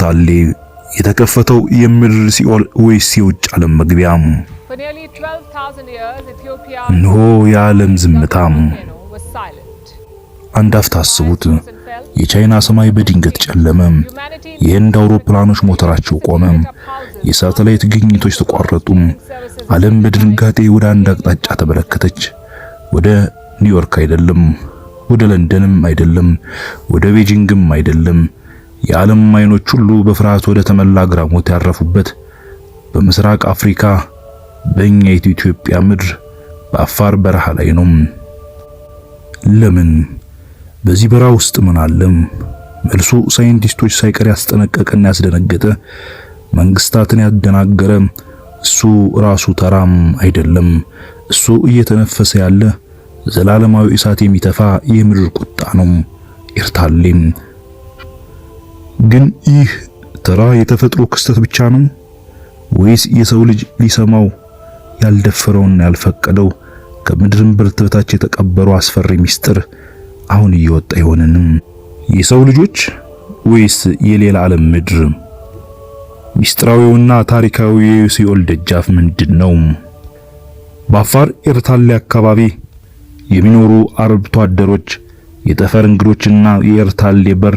አፍታሌ የተከፈተው የምድር ሲኦል ወይስ የውጭ ዓለም መግቢያ? እንሆ የዓለም ዝምታም አንድ አፍታ አስቡት። የቻይና ሰማይ በድንገት ጨለመ። የህንድ አውሮፕላኖች ሞተራቸው ቆመ። የሳተላይት ግኝቶች ተቋረጡ። ዓለም በድንጋጤ ወደ አንድ አቅጣጫ ተመለከተች። ወደ ኒውዮርክ አይደለም፣ ወደ ለንደንም አይደለም፣ ወደ ቤጂንግም አይደለም። የዓለም አይኖች ሁሉ በፍርሃት ወደ ተመላ አግራሞት ያረፉበት በምስራቅ አፍሪካ በኛ ኢትዮጵያ ምድር በአፋር በረሃ ላይ ነው። ለምን? በዚህ በረሃ ውስጥ ምን አለም? መልሱ ሳይንቲስቶች ሳይቀር ያስጠነቀቀና ያስደነገጠ መንግስታትን ያደናገረ እሱ ራሱ ተራም አይደለም። እሱ እየተነፈሰ ያለ ዘላለማዊ እሳት የሚተፋ የምድር ቁጣ ነው። ኤርታሌም ግን ይህ ተራ የተፈጥሮ ክስተት ብቻ ነው ወይስ የሰው ልጅ ሊሰማው ያልደፈረውና ያልፈቀደው ከምድርም ብርት በታች የተቀበረው አስፈሪ ምስጢር አሁን እየወጣ ይሆንንም? የሰው ልጆች ወይስ የሌላ ዓለም ምድር? ሚስጥራዊውና ታሪካዊ የሲኦል ደጃፍ ምንድን ነው? በአፋር ኤርታሌ አካባቢ የሚኖሩ አርብቶ አደሮች የጠፈር እንግዶችና የኤርታሌ በር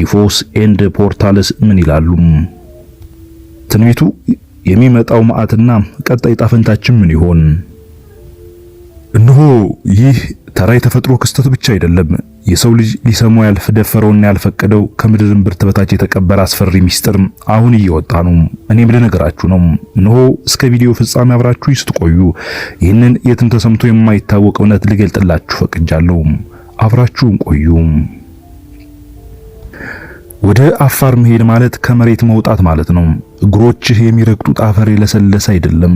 ዩፎስ ኤንድ ፖርታልስ ምን ይላሉ? ትንቢቱ የሚመጣው መዓትና ቀጣይ ጣፈንታችን ምን ይሆን? እነሆ ይህ ተራ የተፈጥሮ ክስተት ብቻ አይደለም። የሰው ልጅ ሊሰማው ያልደፈረውና ያልፈቀደው ከምድርም ብርት በታች የተቀበረ አስፈሪ ሚስጥር አሁን እየወጣ ነው። እኔም ልነገራችሁ ነው። እነሆ እስከ ቪዲዮ ፍጻሜ አብራችሁ ስትቆዩ ይህንን የትም ተሰምቶ የማይታወቅ እውነት ልገልጥላችሁ ፈቅጃለሁ። አብራችሁን ቆዩ። ወደ አፋር መሄድ ማለት ከመሬት መውጣት ማለት ነው። እግሮችህ የሚረግጡት አፈር የለሰለሰ አይደለም፣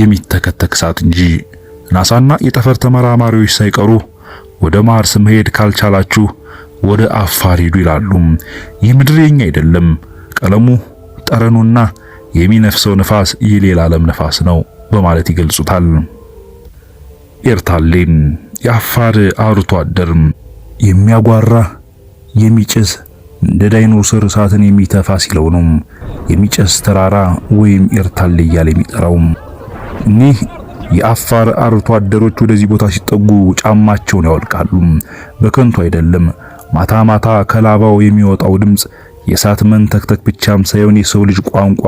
የሚተከተክ እሳት እንጂ። ናሳና የጠፈር ተመራማሪዎች ሳይቀሩ ወደ ማርስ መሄድ ካልቻላችሁ ወደ አፋር ሂዱ ይላሉ። ይህ ምድር የኛ አይደለም። ቀለሙ፣ ጠረኑና የሚነፍሰው ንፋስ የሌላ ዓለም ንፋስ ነው በማለት ይገልጹታል። ኤርታሌ የአፋር አርቶ አደር የሚያጓራ የሚጭስ እንደ ዳይኖሰር እሳትን የሚተፋ ሲለው ነው የሚጨስ ተራራ ወይም ኤርታሌ እያለ የሚጠራው። እኒህ የአፋር አርቶ አደሮች ወደዚህ ቦታ ሲጠጉ ጫማቸውን ያወልቃሉ። በከንቱ አይደለም። ማታ ማታ ከላባው የሚወጣው ድምፅ የእሳት መንተክተክ ብቻም ሳይሆን የሰው ልጅ ቋንቋ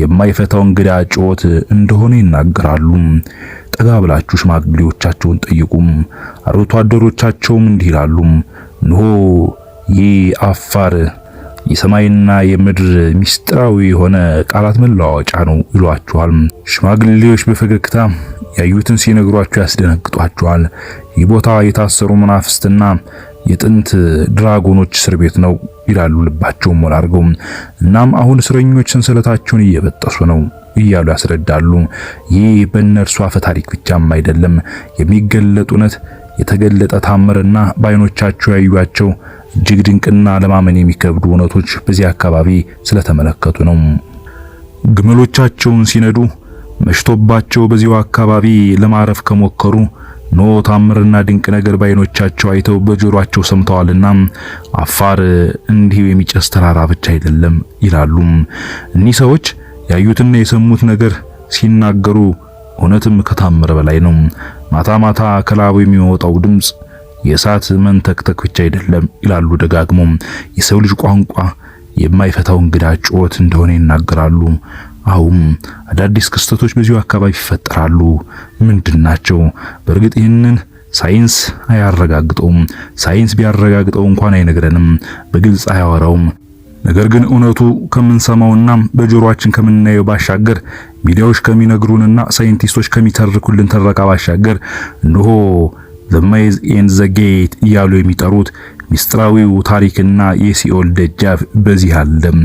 የማይፈታው እንግዳ ጩኸት እንደሆነ ይናገራሉ። ጠጋ ብላችሁ ሽማግሌዎቻቸውን ጠይቁም። አርቶ አደሮቻቸውም እንዲህ ይላሉ። እንሆ ይህ አፋር የሰማይና የምድር ሚስጥራዊ የሆነ ቃላት መለዋወጫ ነው ይሏችኋል። ሽማግሌዎች በፈገግታ ያዩትን ሲነግሯቸው ያስደነግጧቸዋል። ይህ ቦታ የታሰሩ መናፍስትና የጥንት ድራጎኖች እስር ቤት ነው ይላሉ ልባቸው ሞላ አድርገው። እናም አሁን እስረኞች ሰንሰለታቸውን እየበጠሱ ነው እያሉ ያስረዳሉ። ይህ በእነርሱ አፈ ታሪክ ብቻም አይደለም የሚገለጥ እውነት የተገለጠ ታምርና በአይኖቻቸው ያዩቸው እጅግ ድንቅና ለማመን የሚከብዱ እውነቶች በዚህ አካባቢ ስለተመለከቱ ነው። ግመሎቻቸውን ሲነዱ መሽቶባቸው በዚሁ አካባቢ ለማረፍ ከሞከሩ ኖ ታምርና ድንቅ ነገር ባይኖቻቸው አይተው በጆሮአቸው ሰምተዋልና አፋር እንዲሁ የሚጨስ ተራራ ብቻ አይደለም ይላሉ። እኒህ ሰዎች ያዩትና የሰሙት ነገር ሲናገሩ እውነትም ከታምር በላይ ነው። ማታ ማታ ከላቡ የሚወጣው ድምፅ የእሳት መንተክተክ ብቻ አይደለም ይላሉ ደጋግሞ። የሰው ልጅ ቋንቋ የማይፈታው እንግዳ ጩኸት እንደሆነ ይናገራሉ። አሁም አዳዲስ ክስተቶች በዚሁ አካባቢ ይፈጠራሉ። ምንድን ናቸው? በእርግጥ ይህንን ሳይንስ አያረጋግጠውም። ሳይንስ ቢያረጋግጠው እንኳን አይነግረንም፣ በግልጽ አያወራውም። ነገር ግን እውነቱ ከምንሰማውና በጆሮአችን ከምናየው ባሻገር ሚዲያዎች ከሚነግሩንና ሳይንቲስቶች ከሚተርኩልን ትረካ ባሻገር እንሆ ዘማይዝ ኤንድ ዘ ጌት እያሉ የሚጠሩት ሚስጥራዊው ታሪክና የሲኦል ደጃፍ በዚህ አለም፣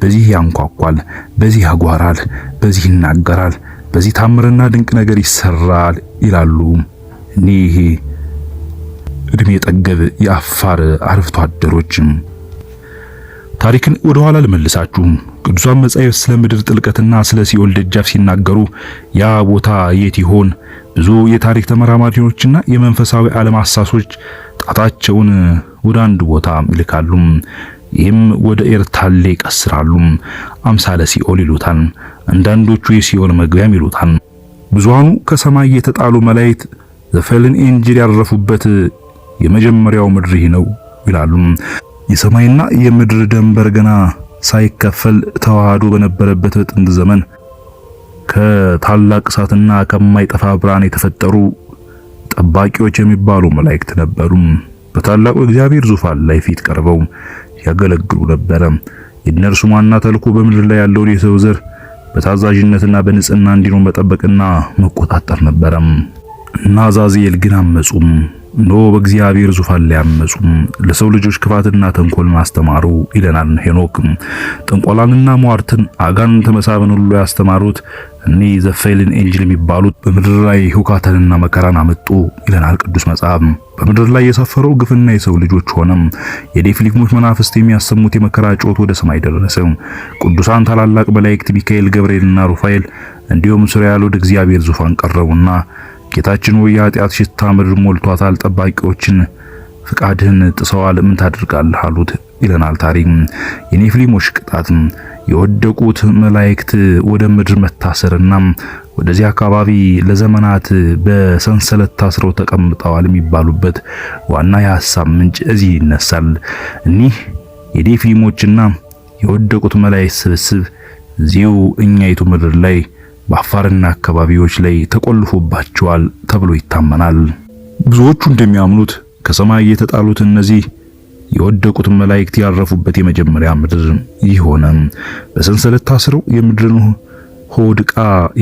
በዚህ ያንኳኳል፣ በዚህ ያጓራል፣ በዚህ ይናገራል፣ በዚህ ታምርና ድንቅ ነገር ይሰራል ይላሉ እኒህ እድሜ ጠገብ የአፋር አርብቶ አደሮች። ታሪክን ወደ ኋላ ልመልሳችሁ ቅዱሳን መጻሕፍት ስለ ምድር ጥልቀትና ስለ ሲኦል ደጃፍ ሲናገሩ ያ ቦታ የት ይሆን ብዙ የታሪክ ተመራማሪዎችና የመንፈሳዊ ዓለም አሳሶች ጣታቸውን ወደ አንድ ቦታ ይልካሉ። ይህም ወደ ኤርታሌ ይቀስራሉ። አምሳለ ሲኦል ይሉታል። አንዳንዶቹ የሲኦል መግቢያም ይሉታል። ብዙሃኑ ከሰማይ የተጣሉ መላእክት ዘፈልን ኤንጅል ያረፉበት የመጀመሪያው ምድር ይህ ነው ይላሉ። የሰማይና የምድር ደንበር ገና ሳይከፈል ተዋህዶ በነበረበት በጥንት ዘመን ከታላቅ እሳትና ከማይጠፋ ብርሃን የተፈጠሩ ጠባቂዎች የሚባሉ መላእክት ነበሩ። በታላቁ እግዚአብሔር ዙፋን ላይ ፊት ቀርበው ያገለግሉ ነበረ። የእነርሱ ዋና ተልእኮ በምድር ላይ ያለውን የሰው ዘር በታዛዥነትና በንጽህና እንዲኖር መጠበቅና መቆጣጠር ነበረም እና አዛዚኤል ግን አመጹም። ኖ በእግዚአብሔር ዙፋን ላይ ያመፁም ለሰው ልጆች ክፋትና ተንኮል ማስተማሩ ይለናል ሄኖክ። ጥንቆላንና ሟርትን አጋንንት ተመሳበን ሁሉ ያስተማሩት እኒህ ዘፌልን ኤንጅል የሚባሉት በምድር ላይ ሁካተንና መከራን አመጡ ይለናል ቅዱስ መጽሐፍ። በምድር ላይ የሰፈረው ግፍና የሰው ልጆች ሆነም የዴፍሊግሞች መናፍስት የሚያሰሙት የመከራ ጮት ወደ ሰማይ ደረሰ። ቅዱሳን ታላላቅ መላእክት ሚካኤል፣ ገብርኤልና ሩፋኤል እንዲሁም ሱሪያል ወደ እግዚአብሔር ዙፋን ቀረቡና ጌታችን ሆይ የኃጢአት ሽታ ምድር ሞልቷታል፣ ጠባቂዎችን ፍቃድህን ጥሰዋል፣ ምን ታደርጋለህ አሉት ይለናል ታሪክ። የኔፍሊሞች ቅጣት የወደቁት መላእክት ወደ ምድር መታሰርና ወደዚህ አካባቢ ለዘመናት በሰንሰለት ታስረው ተቀምጠዋል የሚባሉበት ዋና የሐሳብ ምንጭ እዚህ ይነሳል። እኒህ የኔፍሊሞችና የወደቁት መላእክት ስብስብ እዚሁ እኛይቱ ምድር ላይ በአፋርና አካባቢዎች ላይ ተቆልፎባቸዋል ተብሎ ይታመናል። ብዙዎቹ እንደሚያምኑት ከሰማይ የተጣሉት እነዚህ የወደቁት መላእክት ያረፉበት የመጀመሪያ ምድር ይሆነ። በሰንሰለት ታስረው የምድርን ሆድቃ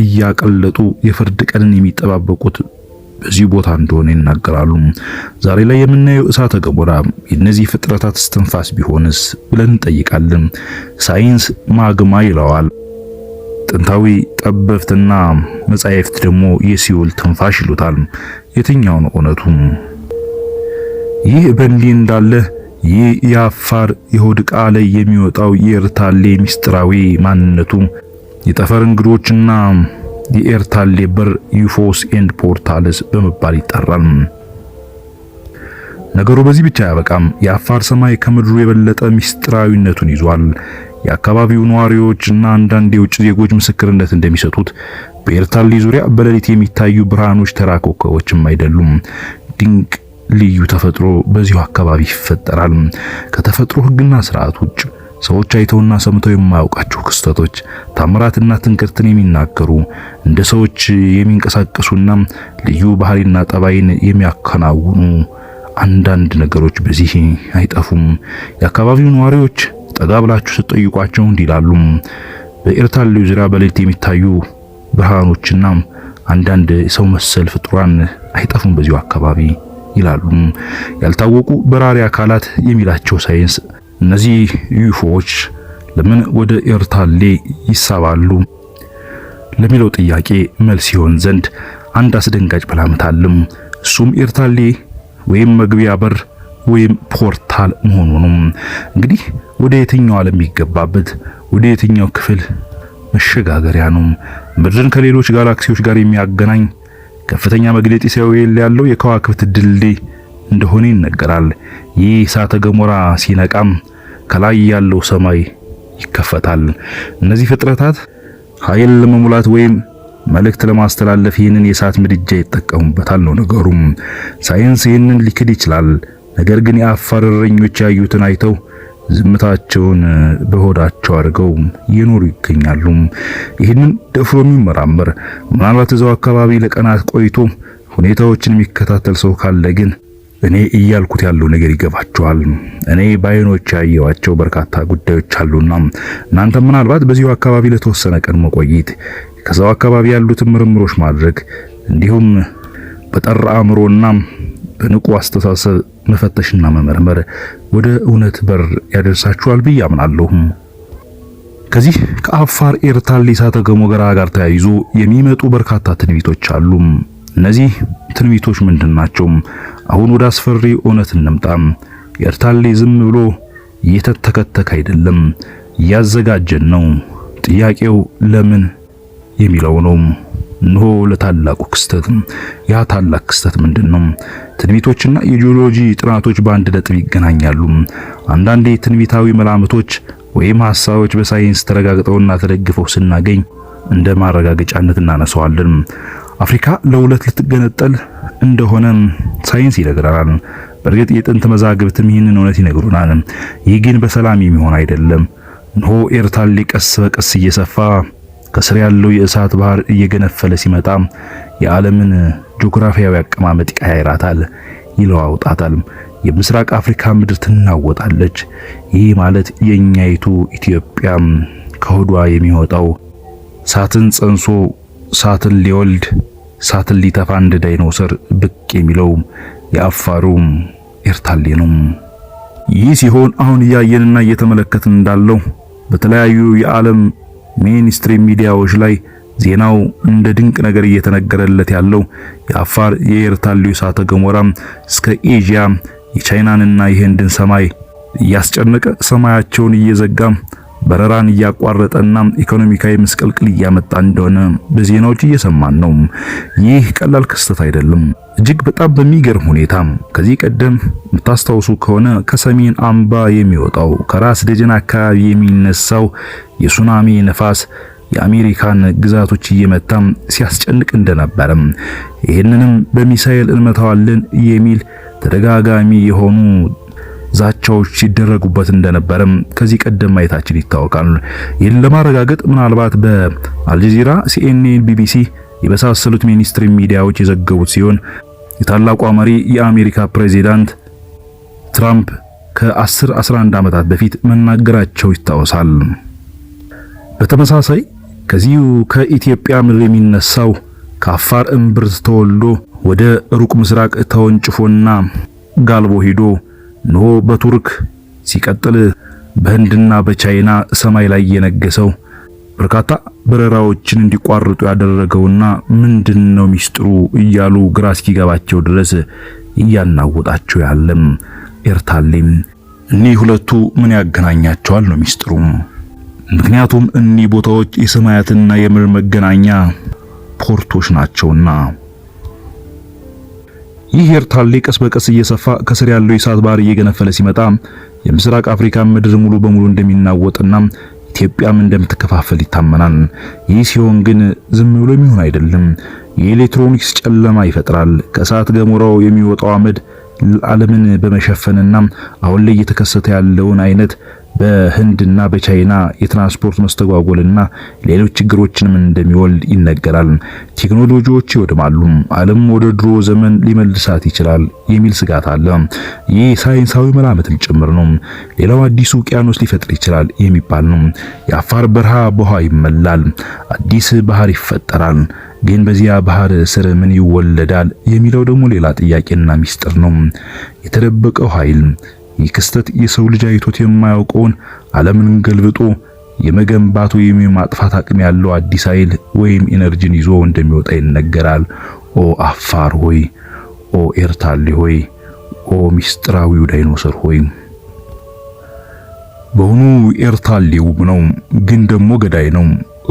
እያቀለጡ የፍርድ ቀንን የሚጠባበቁት በዚህ ቦታ እንደሆነ ይናገራሉ። ዛሬ ላይ የምናየው እሳተ ገሞራ የእነዚህ ፍጥረታት እስትንፋስ ቢሆንስ ብለን እንጠይቃለን። ሳይንስ ማግማ ይለዋል። ጥንታዊ ጠበብትና መጻሕፍት ደግሞ የሲኦል ትንፋሽ ይሉታል። የትኛው ነው እውነቱ? ይህ በእንዲህ እንዳለ ይህ የአፋር የሆድ ዕቃ ላይ የሚወጣው የኤርታሌ ምስጢራዊ ማንነቱ የጠፈር እንግዶችና የኤርታሌ በር ዩፎስ ኤንድ ፖርታልስ በመባል ይጠራል። ነገሩ በዚህ ብቻ አያበቃም። የአፋር ሰማይ ከምድሩ የበለጠ ምስጢራዊነቱን ይዟል። የአካባቢው ነዋሪዎች እና አንዳንድ የውጭ ዜጎች ምስክርነት እንደሚሰጡት በኤርታሌ ዙሪያ በሌሊት የሚታዩ ብርሃኖች ተራ ኮከቦችም አይደሉም። ድንቅ ልዩ ተፈጥሮ በዚሁ አካባቢ ይፈጠራል። ከተፈጥሮ ሕግና ስርዓት ውጭ ሰዎች አይተውና ሰምተው የማያውቃቸው ክስተቶች፣ ታምራትና ትንክርትን የሚናገሩ እንደ ሰዎች የሚንቀሳቀሱና ልዩ ባህሪና ጠባይን የሚያከናውኑ አንዳንድ ነገሮች በዚህ አይጠፉም። የአካባቢው ነዋሪዎች ጠጋ ብላችሁ ስትጠይቋቸው እንዲላሉ በኤርታ ሌው ዙሪያ በሌሊት የሚታዩ ብርሃኖችና አንዳንድ ሰው መሰል ፍጡራን አይጠፉም በዚሁ አካባቢ ይላሉ። ያልታወቁ በራሪ አካላት የሚላቸው ሳይንስ እነዚህ ዩፎዎች ለምን ወደ ኤርታሌ ይሳባሉ ለሚለው ጥያቄ መልስ ይሆን ዘንድ አንድ አስደንጋጭ ፕላምት አለም። እሱም ኤርታሌ ወይም መግቢያ በር ወይም ፖርታል መሆኑ ነው። እንግዲህ ወደ የትኛው ዓለም የሚገባበት ወደ የትኛው ክፍል መሸጋገሪያ ነው። ምድርን ከሌሎች ጋላክሲዎች ጋር የሚያገናኝ ከፍተኛ መግነጢሳዊ ያለው የከዋክብት ድልድይ እንደሆነ ይነገራል። ይህ እሳተ ገሞራ ሲነቃም ከላይ ያለው ሰማይ ይከፈታል። እነዚህ ፍጥረታት ኃይል ለመሙላት ወይም መልእክት ለማስተላለፍ ይህንን የእሳት ምድጃ ይጠቀሙበታል ነው ነገሩም። ሳይንስ ይህንን ሊክድ ይችላል። ነገር ግን የአፋር እረኞች ያዩትን አይተው ዝምታቸውን በሆዳቸው አድርገው እየኖሩ ይገኛሉ። ይህንን ደፍሮ የሚመራመር ምናልባት እዛው አካባቢ ለቀናት ቆይቶ ሁኔታዎችን የሚከታተል ሰው ካለ ግን እኔ እያልኩት ያለው ነገር ይገባቸዋል። እኔ በአይኖች ያየዋቸው በርካታ ጉዳዮች አሉና እናንተ ምናልባት በዚሁ አካባቢ ለተወሰነ ቀን መቆየት፣ ከዛው አካባቢ ያሉትን ምርምሮች ማድረግ እንዲሁም በጠራ አእምሮና በንቁ አስተሳሰብ መፈተሽና መመርመር ወደ እውነት በር ያደርሳችኋል ብዬ አምናለሁ። ከዚህ ከአፋር ኤርታሌ እሳተ ገሞራ ጋር ተያይዞ የሚመጡ በርካታ ትንቢቶች አሉ። እነዚህ ትንቢቶች ምንድን ናቸው? አሁን ወደ አስፈሪ እውነት እንምጣ። ኤርታሌ ዝም ብሎ የተተከተከ አይደለም፣ እያዘጋጀን ነው። ጥያቄው ለምን የሚለው ነው። እንሆ ለታላቁ ክስተት። ያ ታላቅ ክስተት ምንድን ነው? ትንቢቶችና የጂኦሎጂ ጥናቶች በአንድ ነጥብ ይገናኛሉ። አንዳንዴ ትንቢታዊ መላምቶች ወይም ሐሳቦች በሳይንስ ተረጋግጠውና ተደግፈው ስናገኝ እንደ ማረጋገጫነት እናነሳዋለን። አፍሪካ ለሁለት ልትገነጠል እንደሆነ ሳይንስ ይነግረናል። በእርግጥ የጥንት መዛግብትም ይህንን እውነት ይነግሩናል። ይህ ግን በሰላም የሚሆን አይደለም። እንሆ ኤርታሌ ቀስ በቀስ እየሰፋ ከስር ያለው የእሳት ባህር እየገነፈለ ሲመጣ የዓለምን ጂኦግራፊያዊ አቀማመጥ ይቀያይራታል፣ ይለዋውጣታል። የምስራቅ አፍሪካ ምድር ትናወጣለች። ይህ ማለት የእኛይቱ ኢትዮጵያ ከሆዷ የሚወጣው ሳትን ጸንሶ ሳትን ሊወልድ ሳትን ሊተፋ እንደ ዳይኖሰር ብቅ የሚለው የአፋሩ ኤርታሌ ነው። ይህ ሲሆን አሁን እያየንና እየተመለከትን እንዳለው በተለያዩ የዓለም ሜንስትሪም ሚዲያዎች ላይ ዜናው እንደ ድንቅ ነገር እየተነገረለት ያለው የአፋር የኤርታሌ እሳተ ገሞራ እስከ ኤዥያ የቻይናንና የህንድን ሰማይ እያስጨነቀ ሰማያቸውን እየዘጋ በረራን እያቋረጠና ኢኮኖሚካዊ ምስቅልቅል እያመጣ እንደሆነ በዜናዎች እየሰማን ነው። ይህ ቀላል ክስተት አይደለም። እጅግ በጣም በሚገርም ሁኔታ ከዚህ ቀደም የምታስታውሱ ከሆነ ከሰሜን አምባ የሚወጣው ከራስ ደጀን አካባቢ የሚነሳው የሱናሚ ነፋስ የአሜሪካን ግዛቶች እየመታም ሲያስጨንቅ እንደነበረም ይህንንም በሚሳኤል እንመታዋለን የሚል ተደጋጋሚ የሆኑ ዛቻዎች ሲደረጉበት እንደነበረም ከዚህ ቀደም ማየታችን ይታወቃል። ይህን ለማረጋገጥ ምናልባት በአልጀዚራ፣ ሲኤንኤን፣ ቢቢሲ የመሳሰሉት ሚኒስትሪ ሚዲያዎች የዘገቡት ሲሆን የታላቋ መሪ የአሜሪካ ፕሬዚዳንት ትራምፕ ከ10 11 ዓመታት በፊት መናገራቸው ይታወሳል። በተመሳሳይ ከዚሁ ከኢትዮጵያ ምድር የሚነሳው ከአፋር እምብርት ተወልዶ ወደ ሩቅ ምስራቅ ተወንጭፎና ጋልቦ ሄዶ ኖ በቱርክ ሲቀጥል በህንድና በቻይና ሰማይ ላይ የነገሰው በርካታ በረራዎችን እንዲቋርጡ ያደረገውና ምንድን ነው ሚስጥሩ እያሉ ግራ እስኪገባቸው ድረስ እያናወጣቸው ያለም ኤርታሌም እኒህ ሁለቱ ምን ያገናኛቸዋል ነው ሚስጥሩም። ምክንያቱም እኒህ ቦታዎች የሰማያትና የምድር መገናኛ ፖርቶች ናቸውና። ይህ ኤርታሌ ቀስ በቀስ እየሰፋ ከስር ያለው የእሳት ባህር እየገነፈለ ሲመጣ የምስራቅ አፍሪካ ምድር ሙሉ በሙሉ እንደሚናወጥና ኢትዮጵያም እንደምትከፋፈል ይታመናል። ይህ ሲሆን ግን ዝም ብሎ የሚሆን አይደለም። የኤሌክትሮኒክስ ጨለማ ይፈጥራል። ከእሳት ገሞራው የሚወጣው አመድ ዓለምን በመሸፈንና አሁን ላይ እየተከሰተ ያለውን አይነት በህንድና በቻይና የትራንስፖርት መስተጓጎልና ሌሎች ችግሮችንም እንደሚወልድ ይነገራል። ቴክኖሎጂዎች ይወድማሉ፣ ዓለም ወደ ድሮ ዘመን ሊመልሳት ይችላል የሚል ስጋት አለ። ይህ ሳይንሳዊ መላምትም ጭምር ነው። ሌላው አዲሱ ውቅያኖስ ሊፈጥር ይችላል የሚባል ነው። የአፋር በረሃ በውሃ ይመላል፣ አዲስ ባህር ይፈጠራል። ግን በዚያ ባህር ስር ምን ይወለዳል የሚለው ደግሞ ሌላ ጥያቄና ሚስጥር ነው። የተደበቀው ኃይል ይህ ክስተት የሰው ልጅ አይቶት የማያውቀውን ዓለምን ገልብጦ የመገንባት ወይም የማጥፋት አቅም ያለው አዲስ ኃይል ወይም ኢነርጂን ይዞ እንደሚወጣ ይነገራል። ኦ አፋር ሆይ፣ ኦ ኤርታሌ ሆይ፣ ኦ ሚስጥራዊው ዳይኖሰር ሆይ። በሆኑ ኤርታሌ ውብ ነው፣ ግን ደግሞ ገዳይ ነው።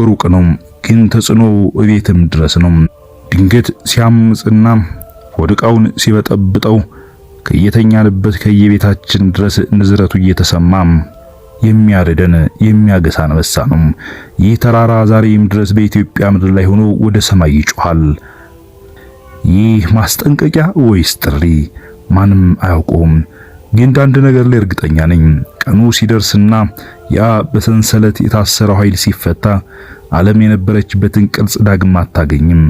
ሩቅ ነው፣ ግን ተጽዕኖ እቤትም ድረስ ነው። ድንገት ሲያምጽና ወድቃውን ሲበጠብጠው ከየተኛንበት ከየቤታችን ድረስ ንዝረቱ እየተሰማም የሚያርደን የሚያገሳ አንበሳ ነው። ይህ ተራራ ዛሬም ድረስ በኢትዮጵያ ምድር ላይ ሆኖ ወደ ሰማይ ይጮሃል። ይህ ማስጠንቀቂያ ወይስ ጥሪ? ማንም አያውቀውም። ግን አንድ ነገር ላይ እርግጠኛ ነኝ። ቀኑ ሲደርስና ያ በሰንሰለት የታሰረው ኃይል ሲፈታ ዓለም የነበረችበትን ቅርጽ ዳግም አታገኝም።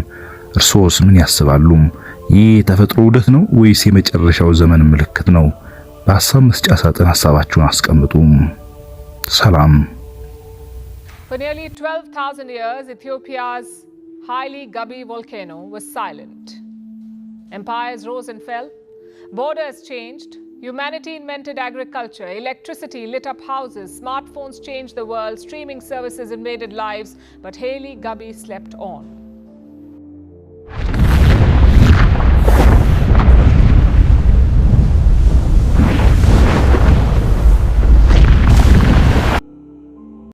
እርሶስ ምን ያስባሉ? ይህ የተፈጥሮ ውደት ነው ወይስ የመጨረሻው ዘመን ምልክት ነው? በሀሳብ መስጫ ሳጥን ሀሳባችሁን አስቀምጡ። ሰላም። For nearly 12,000 years, Ethiopia's highly gubby volcano was silent. Empires rose and fell, borders changed, humanity invented agriculture, electricity lit up houses, smartphones changed the world, streaming services invaded lives, but Haley Gubby slept on.